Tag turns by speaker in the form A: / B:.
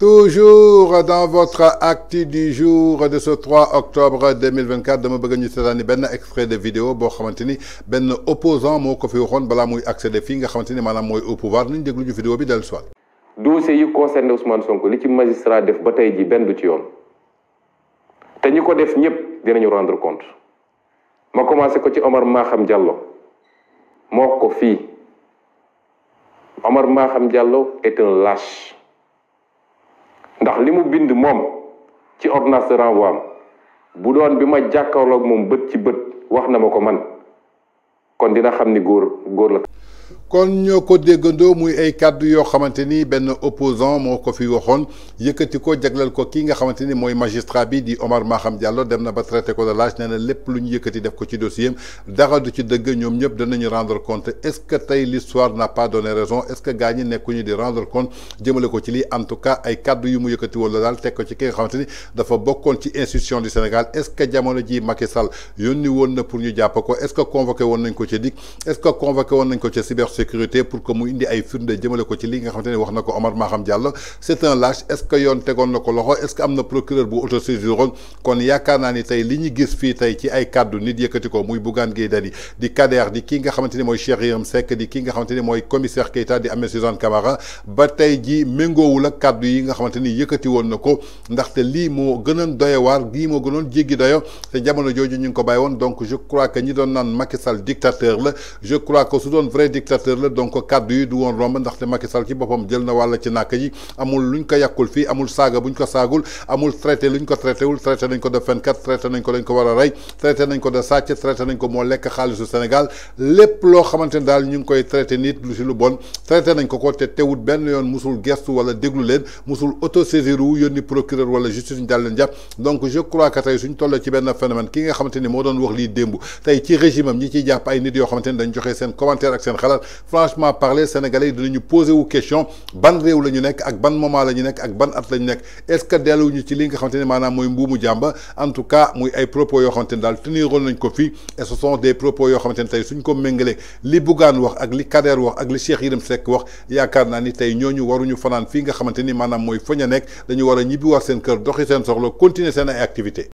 A: toujours dans votre acte du jour de ce 3 octobre 2024 dama bëgg ñu seetaani benn extrait de vidéo boo xamante Ben opposant moo ko fi waxoon balaa muy accéder fii nga xamante ni maanaam au pouvoir nous déglu ñu vidéo bi dellu soit
B: dossier yu concerné Ousmane Sonko li ci magistrat def ba Ben ji benn du ci yoon te ñi def dinañu rendre compte ma commencé ko ci Omar Maham Diallo moo ko Omar Maham Diallo est un lâche ndax li mu bind moom ci ordonnance de am bu doon bi ma jàkkaarloog moom bët ci bët wax na ma ko man kon dina xam ni góor
A: góor la kon ñoko deggando muy ay kàddu yo xamanteni ben opposant moo ko fi waxoon yëkëti ko jagleel ko ki nga xamanteni moy magistrat bi di Omar Maham Diallo dem na ba traité ko de lâche nee lepp lu ñu yëkëti def ko ci dossier dara du ci dëgg ñoom ñëpp danañu rendre compte est-ce que tay l'histoire n'a pas donné raison est-ce que gaa ñi ñu di rendre compte jëmele ko ci li en tout cas ay kàddu yu mu yëkëti woon dal daal ko ci ki nga xamanteni dafa bokkon ci institution du Sénégal est-ce que jamono ji Macky Sall yoni won na pour ñu japp ko est-ce que convoqué won nañ ko ci dik est-ce que convoqué won nañ ko ci sécurité pour que mu indi ay firnde jëmale ko ci li nga xamante ne Omar Maham Diallo c'est un lâche est-ce que yon tegoon na loxo est-ce que am na procureur bu autosaisiroon kon yaakaar naa ni tey li ñu gis fii ci ay kaddu nit yëkkati ko muy Bougane Gueye di Kader di ki nga xamante ni mooy Cheikh Yérim Seck di ki nga xamante ni commissaire Keita di Ahmed Suzanne Camara ba tey ji méngoowul ak kaddu yi nga xamante ni yëkkati woon na ko ndaxte lii moo gënoon doyewaar lii moo gënoon jéggi doyo te ñu ko bàyyi woon donc je crois que ñi doon naan Macky Sall dictateur la je crois que su doon vrai dictateur la donc kaddu yi du won romb ndax te Macky Sall ci bopam jël na wala ci nak yi amul luñ ko yakul fi amul saga buñ ko sagul amul traité luñ ko traité wul traité nañ ko de fenkat traité nañ ko lañ ko war ray traité nañ ko de sàcc traité nañ ko mo lek xaalisu Sénégal lépp lo xamante dal ñu ngi koy traité nit lu ci lu bon traité nañ ko ko te teewut ben yoon musul gestu wala déglu len musul auto saisir wu yoni procureur wala justice ñu daal leen jàpp donc je crois que tay suñ tollee ci ben phénomène ki nga xamanteni mo doon wax li dembu tay ci régime am ñi ci jàpp ay nit yo xamanteni dañ joxe sen commentaire ak sen xalaat Sénégal franchement parler sénégalais de dinañu poser wu question ban réw lañu ñu nekk ak ban moment lañu ñu nekk ak ban at lañu ñu nekk est ce que ñu ci li nga xamante manam moy mooy jamba en tout cas moy ay propos yo xamante dal daal teniroon nañ ko fi et ce sont des propos yo xamante tay suñ ko mengalé li Bougane wax ak li Kader wax ak li Cheikh Yérim Seck wax yaakaar naa ni tay ñoñu waruñu fanaan fi nga xamante manam moy mooy fañ nekk dañu wara ñibi ñibbi war seen kër doxi sen soxlo continuer sen ay activité